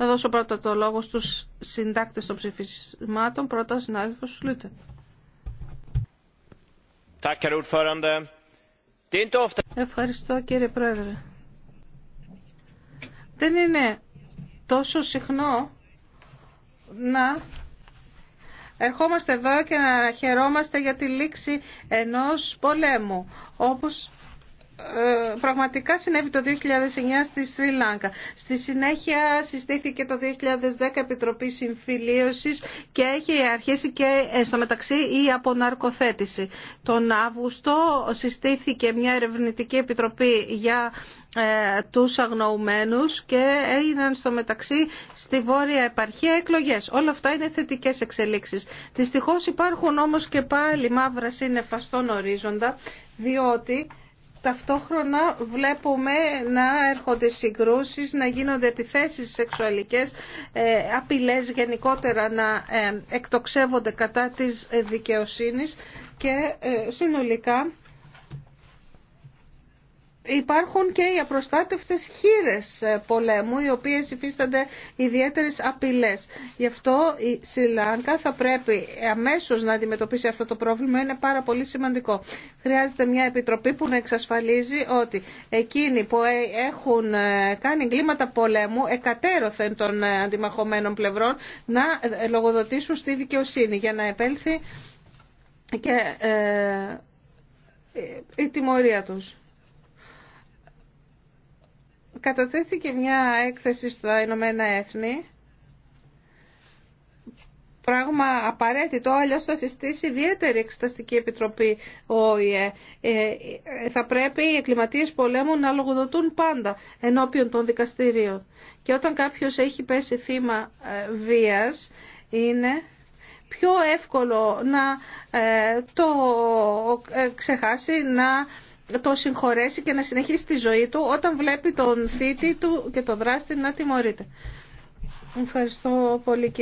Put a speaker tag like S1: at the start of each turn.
S1: Θα δώσω πρώτα το λόγο στους συντάκτες των ψηφισμάτων. Πρώτα ο συνάδελφος Ευχαριστώ κύριε Πρόεδρε. Δεν είναι τόσο συχνό να ερχόμαστε εδώ και να χαιρόμαστε για τη λήξη ενός πολέμου, όπως ε, πραγματικά συνέβη το 2009 στη Σρι Λάγκα. Στη συνέχεια συστήθηκε το 2010 Επιτροπή Συμφιλίωσης και έχει αρχίσει και ε, στο μεταξύ η αποναρκοθέτηση. Τον Αύγουστο συστήθηκε μια ερευνητική επιτροπή για ε, τους αγνοουμένους και έγιναν στο μεταξύ στη Βόρεια Επαρχία εκλογές. Όλα αυτά είναι θετικές εξελίξεις. Δυστυχώς υπάρχουν όμως και πάλι μαύρα σύννεφα στον ορίζοντα διότι ταυτόχρονα βλέπουμε να έρχονται συγκρούσεις, να γίνονται επιθέσεις σεξουαλικές, ε, απειλές γενικότερα να ε, εκτοξεύονται κατά της ε, δικαιοσύνης και συνολικά υπάρχουν και οι απροστάτευτες χείρες ε, πολέμου, οι οποίες υφίστανται ιδιαίτερες απειλές. Γι' αυτό η Σιλάνκα θα πρέπει αμέσως να αντιμετωπίσει αυτό το πρόβλημα, είναι πάρα πολύ σημαντικό. Χρειάζεται μια επιτροπή που να εξασφαλίζει ότι εκείνοι που ε, έχουν ε, κάνει εγκλήματα πολέμου, εκατέρωθεν των αντιμαχωμένων πλευρών, να λογοδοτήσουν στη δικαιοσύνη για να επέλθει και η τιμωρία τους κατατέθηκε μια έκθεση στα Ηνωμένα Έθνη, πράγμα απαραίτητο, αλλιώς θα συστήσει ιδιαίτερη εξεταστική επιτροπή ΟΗΕ. Ε, θα πρέπει οι εκκληματίες πολέμου να λογοδοτούν πάντα ενώπιον των δικαστηρίων. Και όταν κάποιος έχει πέσει θύμα ε, βίας, είναι πιο εύκολο να ε, το ξεχάσει, να το συγχωρέσει και να συνεχίσει τη ζωή του όταν βλέπει τον θήτη του και τον δράστη να τιμωρείται. Ευχαριστώ πολύ κύριε.